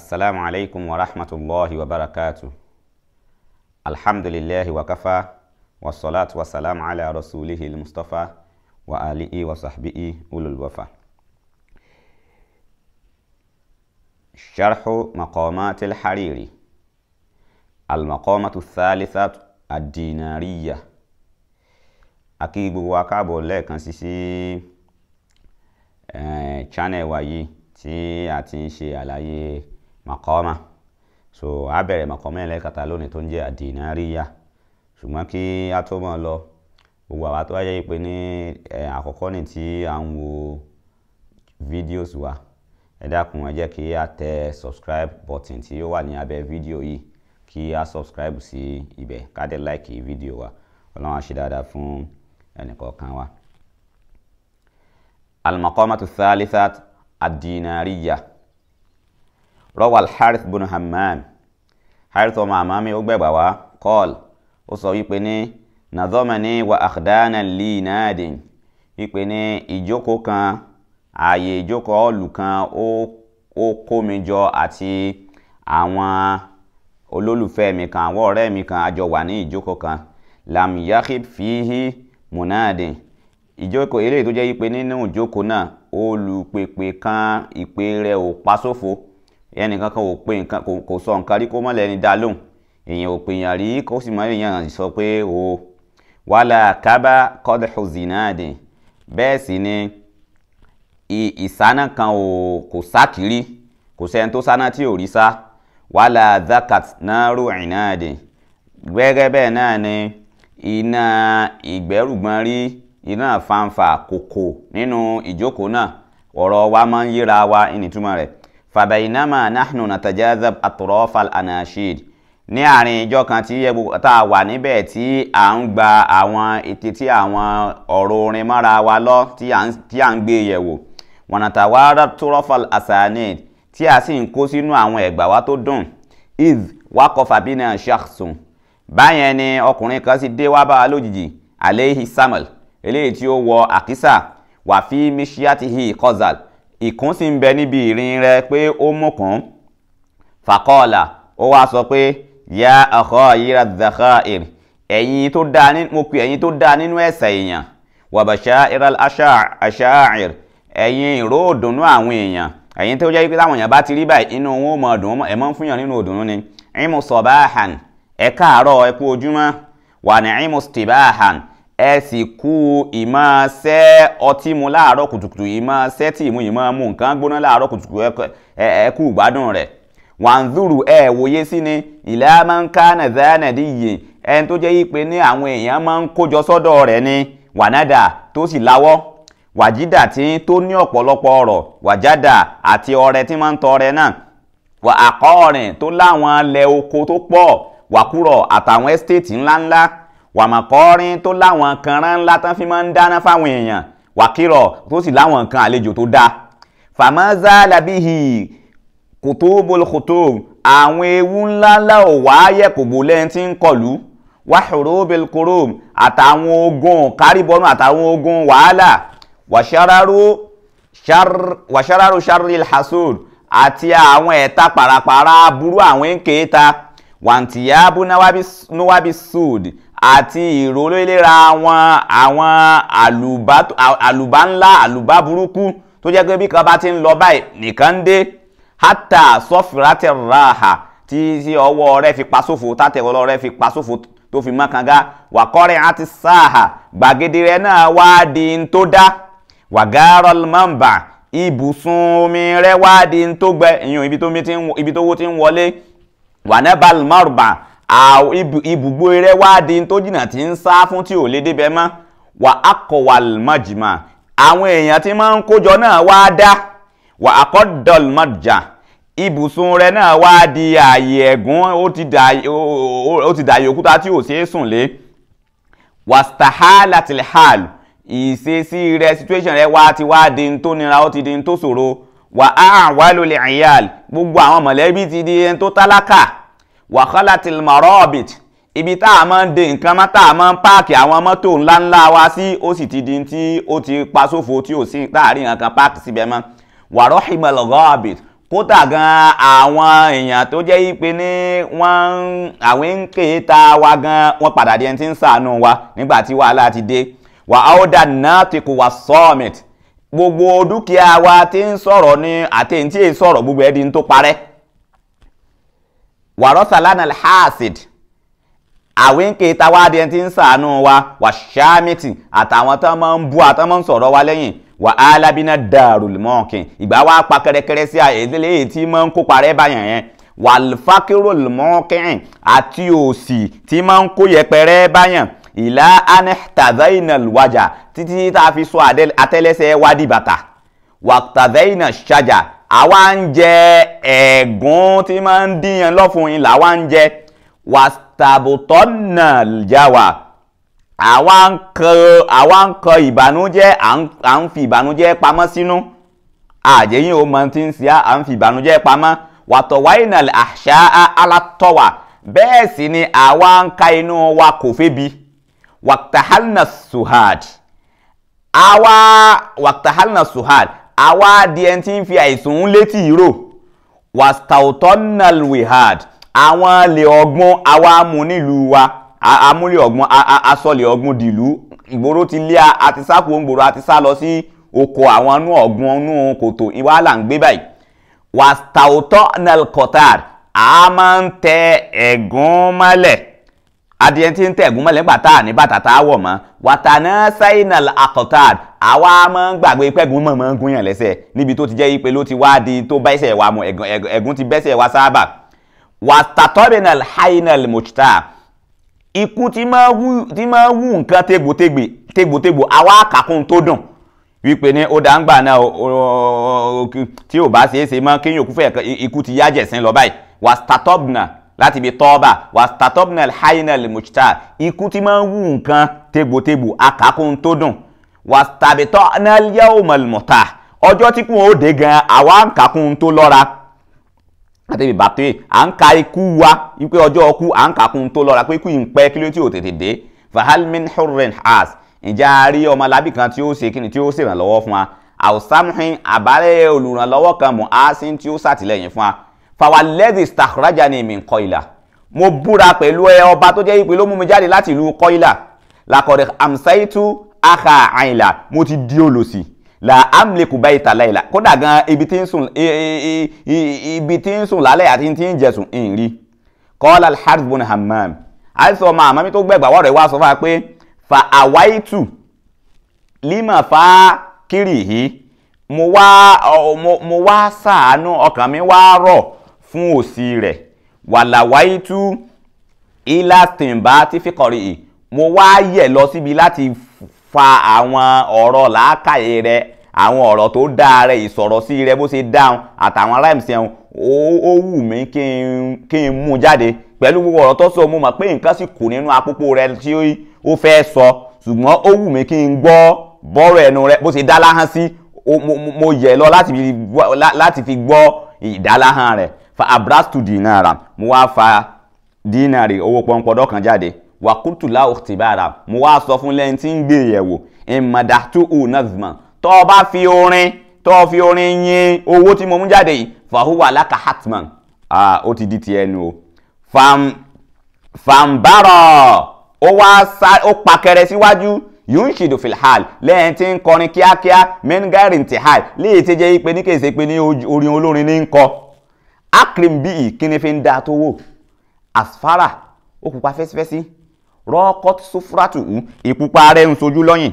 السلام عليكم ورحمة الله وبركاته الحمد لله وكفى والصلاة والسلام على رسوله المصطفى وآله وصحبه أولو الوفا شرح مقامات الحريري المقامة الثالثة الدينارية akígbogbo wa káàbọ̀ lẹ́ẹ̀kan sí sí channel wa yìí tí a ti ń ṣe àlàyé maqama so a bẹ̀rẹ̀ maqama ẹlẹ́kàtà lónìí tó ń jẹ́ àdínárìyà ṣùgbọ́n kí a tó mọ̀ lọ gbogbo àwa tó wáyé pé ní àkọ́kọ́ ní tí à ń wo videos wa ẹ dákun ẹ jẹ́ kí a tẹ subscribe button tí ó wà ní abẹ́ fídíò yìí kí a subscribe sí ibẹ̀ ká dẹ̀ like fídíò wa ọlọ́run á ṣe dáadáa fún ẹnìkọ̀ọ̀kan wa. al-maqamatu thalitha ad-dinariyya rọwà alharith bunu hammam harith ọmọ àmàmì ó gbẹ̀gbà wá kọ́ọ̀l ó sọ wípé ní nàdọ́mẹ́ni wà àkàdánà lì náàdìn wípé ní ìjókòó kan ààyè ìjókòó ọ̀lù kan ó kó mi jọ àti àwọn olólùfẹ́ mi kan àwọn ọ̀rẹ́ mi kan àjọ wà ní ìjókòó kan lam yakhib fihi munadin ìjókòó eléyìí tó jẹ́ wípé nínú ìjókòó náà olùpèpè kan ìpè rẹ̀ ò pa sófo. So ẹnìkan kan ò pe nǹkan kò sọ nǹkan rí kó má lẹ́ni dá lóhùn èèyàn ò pe èèyàn rí kó sì má èèyàn sọ pé o wàhálà kábà kọ́dọ̀ọ́ zinadi bẹ́ẹ̀ sì ni ìsáná kan ò kò sákìrí kò sẹ́ni tó sáná tí ò rí sá wàhálà zakat náírù ìnáàdì gbẹ́gẹ́ bẹ́ẹ̀ náà ni iná ìgbẹ́rùgbọ́n rí iná fanfa kòkò nínú ìjókòó náà ọ̀rọ̀ wa máa ń yíra wa ìnìtúmọ̀ rẹ̀ fàbẹ̀yìnàmà nahnu natajazab atrofal anashid ní àárín ìjọ kan tí tá a wà níbẹ̀ tí à ń gba àwọn ètè tí àwọn ọ̀rọ̀ orin mọ́ra wa lọ tí à ń gbé yẹ̀wò wọ̀nàtàwárà turofal asanid tí a sì ń kó sínú àwọn ẹ̀gbà wa tó dùn iz waqafa bina shakhsun báyẹn ni ọkùnrin kan sì dé wá bá a lójijì aleyhi samal eléyìí tí ó wọ àkísà wàfí mishiyatihi kozal ìkún sì ń bẹ níbi ìrìn rẹ̀ pé ó mú kún fàkọ́ọ̀là ó wá sọ pé yá ọkọ yíra zakhair ẹ̀yin tó dáa ní mo pe ẹ̀yin tó dáa nínú ẹ̀sẹ̀ èèyàn wàbàṣá iral aṣáàir ẹ̀yin ìró òdùnnú àwọn èèyàn ẹ̀yin tó jẹ́ pé táwọn èèyàn bá ti rí báyìí inú wọn ò mọ ọdún ẹ̀ mọ́ ń fúnyàn nínú òdùnnú ni ìmùsọ̀báhàn ẹ̀ káàárọ̀ ẹ̀ kú ojúmọ́ wà ní ìmùsọ̀tìbáhàn ẹ sì kú ìmọ̀ ṣẹ́ ọtí mu láàárọ̀ kùtùkùtù ìmọ̀ ṣẹ́ tí ìmú ìmọ̀ mu nǹkan gbóná láàárọ̀ kùtùkùtù ẹ kú ìgbádùn rẹ̀ wàǹdùrù ẹ wòye sí ni ìlà máa ń ká nàìjíríàdì yìí ẹni tó jẹ́ ìpè ní àwọn èèyàn máa ń kójọ sọ́dọ̀ rẹ̀ ni wànádà tó sì láwọ́ wàjídà tí tó ní ọ̀pọ̀lọpọ̀ ọ̀rọ̀ wàjádà àti ọrẹ tí máa ń tọrẹ náà wà àkọ́ọ̀rìn tó láwọn alẹ́ oko tó pọ̀ wàkúrọ̀ àtàwọn ẹ́stéètì ńláńlá wàmọ̀kọ́rin tó láwọn kanran ńlá tán fi máa ń dáná fáwọn èèyàn wàkírọ̀ tó sì láwọn nǹkan àlejò tó dáa fàmọ́zá làbíhì kòtòbol kòtòb àwọn ewu ńláńlá ò wáyẹ kò bò lẹ́yìn tí ń kọlù wàhùrò belkoro àtàwọn ogun kárìbọnú àtàwọn ogun wàhálà wàṣáráró sharil hasud àti àwọn ẹ̀ta parapara burú àwọn èkéta wàǹtìyà bú níwábi sud àti ìrólélera wọn àwọn àlùbá ńlá àlùbá burúkú tó jẹ́ pé bí kan bá ti ń lọ báyìí nìkan dé hátà sọ́fìrátẹ̀ ráhà tí tí ọwọ́ rẹ̀ fi pa sófo tátẹ̀wọ́ rẹ̀ fi pa sófo tó fi mọ́ kanga wàkọ́rẹ́ àti sáà gbàgede rẹ̀ náà wá di ń tó dá wàgárọ̀ mọ́ǹbà ibùsùn omi rẹ̀ wá di ń tó gbẹ ìyún ibi tó wó ti ń wọlé wànẹ́bàl mọ́rùbà ibùgbó rẹ wá di tó jìnnà tí ń sá fún tí ò lè débẹ̀ mọ́ wà á kọ̀ wà lọ́jìmọ̀ àwọn èèyàn tí máa ń kójọ náà wá dá wà á kọ́ dọ̀lmọ́jà ibùsùn rẹ náà wá di ààyè ẹ̀gún ó ti dààyè òkúta tí ò ṣeé sùn lé wàstàhálà tìlhàlù ìṣesí rẹ situation rẹ wá ti wá di tó nira ó ti di tó ṣòro wà á àwálò lè àyàl gbogbo àwọn mọ̀lẹ́bí ti di tó tálákà wàhálà tìlmọ̀rọ́ọ̀bìt ibi tá a máa ń de nǹkan mọ́ tá a máa ń páàkì àwọn mọ́tò ńláńlá wa sí ó sì ti di tí ó ti pa sófo tí ò sí táàrin nǹkan páàkì síbẹ̀ mọ́ wàrọ́hìmọ̀lọ́gọ́ọ̀bìt kódà gan àwọn èèyàn tó jẹ́ ipe ní wọ́n àwọn ń ké ta wa gan wọ́n padà di ẹni tí ń ṣàánú wa nígbà tí wàhálà ti dé wà á ó dà náà ti kò wá summit gbogbo dúkìá wa ti ń sọ̀rọ̀ ní àtẹ̀yìn tí èyí sọ̀rọ̀ gbogbo ẹ̀ di ń tó parẹ́ wàrọ́sàlánà hasid àwínkè táwa di ẹni tí ń sàánú wa wà ṣáàmìtì àtàwọn tó máa ń bú àtọ́ máa ń sọ̀rọ̀ wa lẹ́yìn wà á lábínà dàrú mọ́ọ̀kìn ìgbà wa pa kẹrẹkẹrẹ sí àyèdílé èyí tí máa ń kópa rẹ́ báyàn yẹn wà fákírò mọ́ọ̀kìn àti òsì tí máa ń kó yẹpẹrẹ báyàn ìlà anẹ́tàzáìnà wájà títí tá a fi sọ àtẹ́lẹsẹ̀ wádìí bàtà wà tàzáìnà ṣájà àwa ń jẹ ẹ̀gún tí máa ń díyan lọ́fun yìí làwa ń jẹ wàtàbùtọ́nà jáwà àwa ń kọ àwa ń kọ ìbànújẹ́ à ń fi ìbànújẹ́ pamọ́ sínú àjẹyìn o mọ tí ń ṣe à ń fi ìbànújẹ́ pamọ́ wàtọ̀wáìnà àṣà alátọ́wà bẹ́ẹ̀ sì ni àwa ń ka inú wa kò fébi wàtàhálnà suhad àwa wàtàhálnà suhad àwa di ẹni tí ń fi àìsùn létí ìró wastautonal wihad àwọn lè ọgbọ́n àwa amú nílùú wa amúlé ọgbọ́n asọ̀lẹ̀ ọgbọ́n dìlú ìgboro ti lé àti sápò ńgboro àti sá lọ sí oko àwọn inú ọgbọ́n inú kòtò ìwàhálà ń gbé báyìí wastautonal qatar a máa ń tẹ ẹ̀gún mọ́lẹ̀ adìyẹ tí ń tẹ̀ ẹ̀gún mọ́lẹ̀ nígbà tá à ní bàtà tá a wọ̀ mọ́ wàtánà sainal akotad àwa máa ń gbàgbé pẹ́gun mọ̀ máa ń gúnyàn lẹ́sẹ̀ níbi tó ti jẹ́ ipe ló ti wá di tó bẹ́sẹ̀ wa mu ẹ̀gún ti bẹ́sẹ̀ wa sábà wàtàtọ́rìnal hainal mojita ikú tí máa wú nǹkan tégbòtégbò àwa kàkún tó dùn wípé ní ó dáńgbà náà tí ò bá ṣeé ṣe mọ́ kéèyàn kúfẹ́ ikú ti yájẹ̀ sí lọ báyìí wàtàtọ́bìnà láti ibi tọ́ọ̀bà wastatobnal hainal mujtar ikú tí máa ń wú nǹkan tegbòtegbò akákún tó dùn wastabitọ́nal yawmal muta ọjọ́ tí kún ó dé gan àwa ń kakún tó lọ́ra àti ibi bàtò yìí à ń ka ikú wa wípé ọjọ́ ọkú à ń kakún tó lọ́ra pé ikú yìí kí ló tí ò tètè dé fahalmin hurren has ǹjẹ́ a rí ọmọlábì kan tí ó ṣe kíni tí ó ṣèrànlọ́wọ́ fún wa àwòsàmùhìn àbálẹ̀ olùrànlọ́wọ́ kan mọ̀ á sí tí ó ṣàtìlẹ́yìn fún wa fàwálẹ́dì stakuraja ni min kọ́ìlà mo búra pẹ̀lú ẹ ọba tó jẹ́ ìpè ló mú mi jáde láti ìlú kọ́ìlà làkọ̀dẹ̀ amsaitu aha àyìnlá mo ti di olòṣì la amleku báyìí tà láyìlá kódà gan ibi tí ń sùn ibi tí ń sùn lálẹ́ àti tí ń jẹ̀sùn ń rí kọ́lá alhaz bun àìsàn ọmọ àmọ́mí tó gbẹ̀gbà wọ́ọ̀rẹ́ wá sọ fún wa pé fa àwáìtù lima fa kiri yìí mo wá mo wá ṣàánú ọkàn mi wá rọ̀ fún òsì rẹ̀ wàlàwáìtú ìlàtìǹbà tí fíkọ̀rì yìí mo wá yẹ̀ lọ síbi láti fa àwọn ọ̀rọ̀ làákàyè rẹ̀ àwọn ọ̀rọ̀ tó dáa rẹ̀ ìsọ̀rọ̀ sí rẹ̀ bó ṣe dáhùn àtàwọn aláìsí ẹ̀hún ó wù mí kí n mú jáde pẹ̀lú gbogbo ọ̀rọ̀ tó sọ mo mọ̀ pé nǹkan sì kù nínú àpòpò rẹ̀ tí ó fẹ́ sọ ṣùgbọ́n ó wù mí kí n gbọ́ bọ́rọ̀ ẹnu rẹ̀ bó ṣe dá láhán sí mo yẹ̀ lọ láti fi gbọ́ ìdáláhán rẹ̀ fa abrastu dinara mo wá fa dínárì owó pọ́npọ́dọ́ wa jáde la òtìbára mo wá sọ fún lẹ́yìn tí ń gbé yẹ̀wò ìmọ̀dàtú unazman tó o bá fi orin tó o fi orin yin owó tí mo mú jáde yìí fahuwa laka hatman ó ti di ti ẹnu o fàǹbárọ̀ ó wá sá ó pàkẹrẹ síwájú yunṣidu filhal lẹ́yìn tí ń kọrin kíákíá mengari ntihal léyìí tí jẹ́ ipe ní kèsè pé ní orin olórin ní ń akrim bíi kí ni fi ń da tó wò asfara ó pupa fẹ́sífẹ́sí rọ́kọ́t sufratu ìpupa rẹ̀ ń sojú lọ́yìn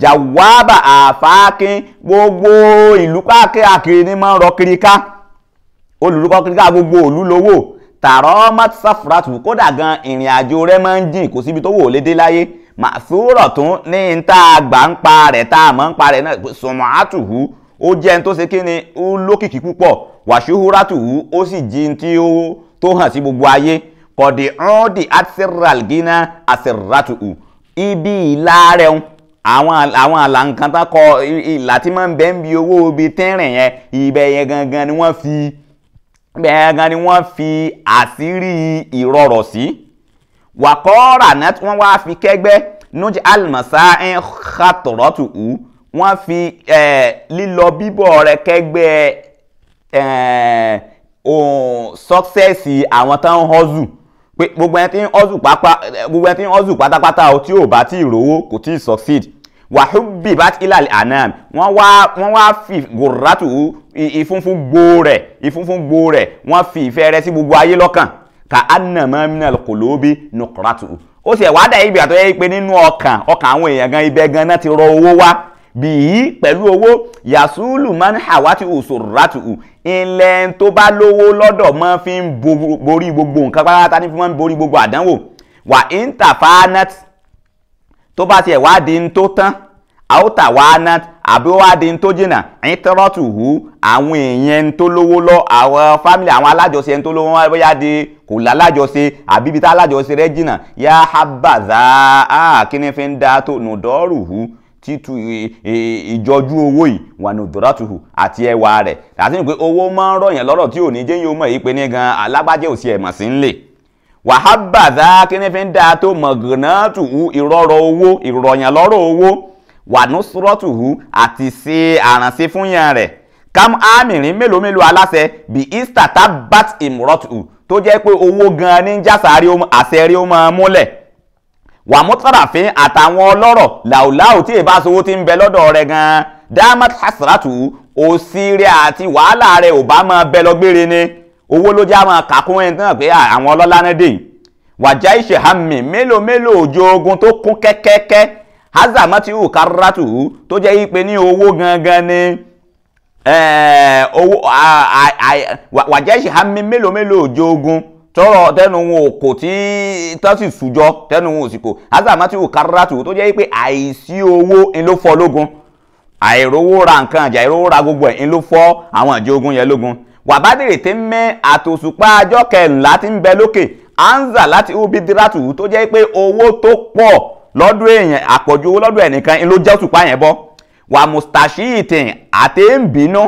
jàwábà àfáàkín gbogbo ìlú káàkiri ní máa ń rọ kiri ká olùrúkọ kiri ká gbogbo òlú lówó tààrọ mọ́tìsáfúrátù kódà gan ìrìn àjò rẹ̀ máa ń jìn kò síbi tó wò lédè láyé màsúrọ̀ tún ní ta gbà ń pa rẹ̀ tá a mọ̀ ń pa rẹ̀ náà sọ̀mọ́ àtùhù ó jẹ́ ẹni tó ṣe kí ni ó lókìkí púpọ̀ wàṣíhúrátù ó sì jí tí ó tó hàn sí gbogbo ayé kọ̀dé ọ́n di asiral gina asiratu ibi ìlà rẹ̀ ń àwọn àwọn àlà nǹkan tán kọ ìlà tí máa ń bẹ́ ń bi owó ibi tẹ́rìn yẹn ibẹ̀ yẹn gangan ni wọ́n fi ibẹ̀ yẹn gangan ni wọ́n fi àṣírí ìrọ̀rọ̀ sí wàkọ́ọ̀rà náà wọ́n wá fi kẹ́gbẹ́ nujj almasa ń xatọ̀rọ̀tù ú wọ́n fi lílọ bíbọ̀ rẹ̀ kẹ́gbẹ́ sọ́ksẹ́sì àwọn tán ń họ́zù pé gbogbo ẹni tí ń họ́zù pátápátá o tí ò bá tí ì rówó kò tí ì succeed wàhùbì bá ilà anam. wọ́n wá wọ́n wá fi gòrátù ìfúnfún gbòó rẹ̀ ìfúnfún gbòó rẹ̀ wọ́n fi ìfẹ́ rẹ̀ sí gbogbo ayé lọ́kàn ka anamọ minal kòlóbi nukuratu ó sì ẹ̀ wá dà ibi àtọ́yẹ́ pé nínú ọkàn ọkàn àwọn èèyàn gan ibẹ̀ gan náà ti rọ owó wá bíi pẹ̀lú owó yasulu man hawati usurratu ilẹ̀ tó bá lówó lọ́dọ̀ máa fi ń borí gbogbo nǹkan pátá ní fi máa ń borí gbogbo àdánwò wà intafanat tó bá tiẹ̀ wá di ń tó tán àwòtà wá ná àbí wá di ń tó jìnnà ìtọ́rọ́tù hù àwọn èèyàn ń tó lówó lọ àwọn fámìlì àwọn alájọṣe ń tó lówó wọn bóyá di kò lálájọṣe àbí ibi tá alájọṣe rẹ jìnnà yá habàzà á ah, kíní fi ń da tó nùdọ́rù hù títú ìjọjú owó yìí wà ní òdòdàtúhù àti ẹwà rẹ̀ àti ní pé owó máa ń rọ̀yàn lọ́rọ̀ tí ò ní jẹ́ yóò mọ̀ yìí pé ní gan alágbájẹ́ òsì ẹ̀mọ̀ sí ń lè wàhábàdà kínífín dáa tó mọ̀gànátùhù ìrọ̀rọ̀ owó ìrọ̀yàn lọ́rọ̀ owó wànúsùrọ̀tùhù àti ṣe àrànṣe fúnyàn rẹ̀ kam amirin mélòó mélòó aláṣẹ bí istata bat imrọ̀tùhù tó jẹ́ pé owó gan ní jásàárì àṣẹ rí ó máa múlẹ̀ wàmútàràfin àtàwọn ọlọ́rọ̀ làwùláwù tí ìbá sowó ti ń bẹ lọ́dọ̀ rẹ̀ gan-an damat hasratu òsì rẹ̀ àti wàhálà rẹ̀ ò bá máa bẹ lọ gbére ni owó ló já máa kàkún ẹni náà pé àwọn ọlọ́lá náà dé wàjá ìṣèhámì mélòó mélòó òjò ogun tó kún kẹ́kẹ́kẹ́ hazamatihù karatu tó jẹ́ ipe ní owó gangan ni wàjá ìṣèhámì mélòó mélòó òjò ogun tọrọ tẹnu wọn ò kò tí tọ́ sì sùjọ tẹnu wọn ò sì kò azamatiwu karatu tó jẹ́ pé àìsí owó ń ló fọ́ lógun àìrówó ra nǹkan àjà àìrówó ra gbogbo ẹ̀ ń ló fọ́ àwọn àjẹ ogun yẹn lógun wàbádìrì tí ń mẹ́ àtòsùpá ajọ́ kẹrìnlá tí ń bẹ lókè anza láti ubi diratu tó jẹ́ pé owó tó pọ̀ lọ́dún èèyàn àpọ̀jù owó lọ́dún ẹnìkan ń ló jẹ́ òṣùpá yẹn bọ́ wà mustachiotin àti ń bínú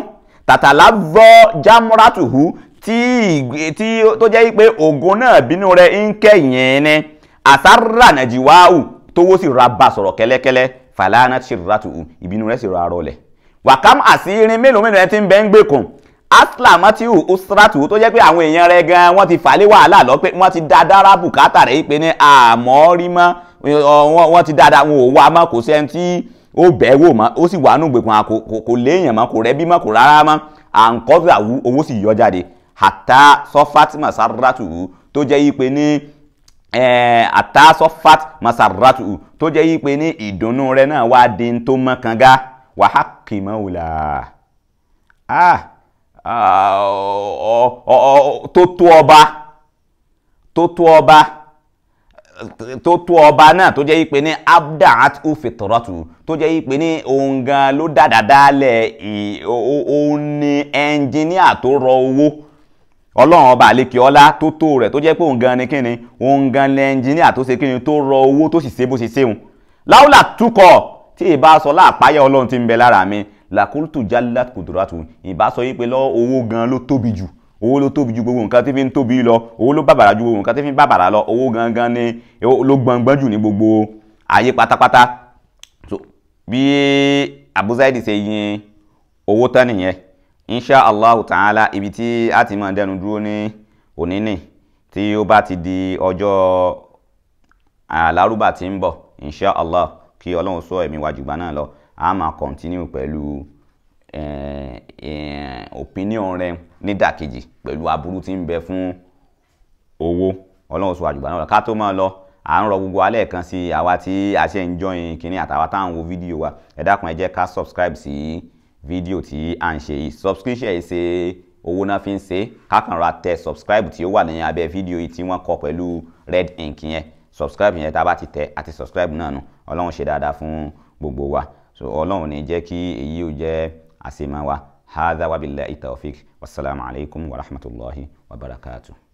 tàtàlá vọ́ jámúrátùhù tí tí tó jẹ́ pé ògo náà bínú rẹ̀ ń kẹ̀yìn ni àsárà nàìjíríàwù tówó sì ra bá sọ̀rọ̀ kẹ́lẹ́kẹ́lẹ́ fàlànà ti rà tù ú ìbínú rẹ̀ sì ra rọlẹ̀. wàkàm àsírin mélòó mélòó rẹ ti ń bẹ́ ń gbé kùn asla matiu usratu tó jẹ́ pé àwọn èèyàn rẹ̀ gan wọ́n ti fà wàhálà lọ pé wọ́n ti da bùkátà rẹ̀ pé ní àmọ́ rí mọ́ wọ́n ti dáadáa wọn ò wá mọ́ kò sẹ́ni tí ó bẹ́ẹ̀ wò mọ́ ó sì wà nù kò léèyàn mọ́ kò rẹ́bí mọ́ kò rárá mọ́ à ń kọ́ owó sì yọ jáde hàtà sọfàt masarratu tó jẹ́ yí pé ní àtà sọfàt masarratu tó jẹ́ yí pé ní ìdùnnú rẹ náà wá di tó mọ́ kanga wàhá kìmọ́wùlà tó tó ọba tó tó ọba tó ọba náà tó jẹ́ yí pé ní abda'at ó tó jẹ́ yí pé ní òun gan ló dàdà òun ni ẹnjìníà tó rọ owó ọlọ́run ọba àlekè ọlá tó tó rẹ̀ tó jẹ́ pé òun gan ni kíni òun gan ni ẹnjìníà tó ṣe kíni tó rọ owó tó sì ṣe bó ṣe ṣeun láwùlà túkọ̀ tí ìbá sọ láàpáyà ọlọ́run ti ń bẹ lára mi làkúrútù jálá kùdùrátù ìbá sọ yí pé lọ́wọ́ owó gan ló tóbi jù owó ló tóbi ju gbogbo nǹkan tí fi ń tóbi lọ owó ló bàbàrà ju gbogbo nǹkan tí fi ń bàbàrà lọ owó gangan ni ló gbọngbọn jù ní gbogbo ayé pátápátá so bí Abu Zaid ṣe yin owó tán nìyẹn insha allahu ta'ala ibi tí a ti máa dẹnu dúró ní òní tí ó bá ti di ọjọ́ alárúbà tí ń bọ̀ insha allah kí ọlọ́run sọ ẹ̀mí wájú gbà náà lọ a máa continue pẹ̀lú opinion rẹ nídàkejì pẹ̀lú aburú tí ń bẹ fún owó ọlọ́run sọ àjùgbà náà lọ ká tó máa lọ à ń rọ gbogbo alẹ́ kan sí àwa tí a ṣe ń join kínní àtàwa tá wo fídíò wa ẹ dákun ẹ jẹ́ ká subscribe sí. Si fídíò tí à ń ṣe yìí subscription yìí ṣe owó náà fi ń ṣe kákànra tẹ subscribe tí ó wà ní abẹ́ fídíò yìí tí wọ́n kọ pẹ̀lú red ink yẹn subscribe yẹn tá a bá ti tẹ àti subscribe náà nù ọlọ́run ṣe dáadáa fún gbogbo wa so ọlọ́run ní jẹ́ kí èyí ò jẹ́ àṣemọ́ wa hadha wabillahi tawfiq wasalaamu alaykum wa rahmatulahi wa barakatuh.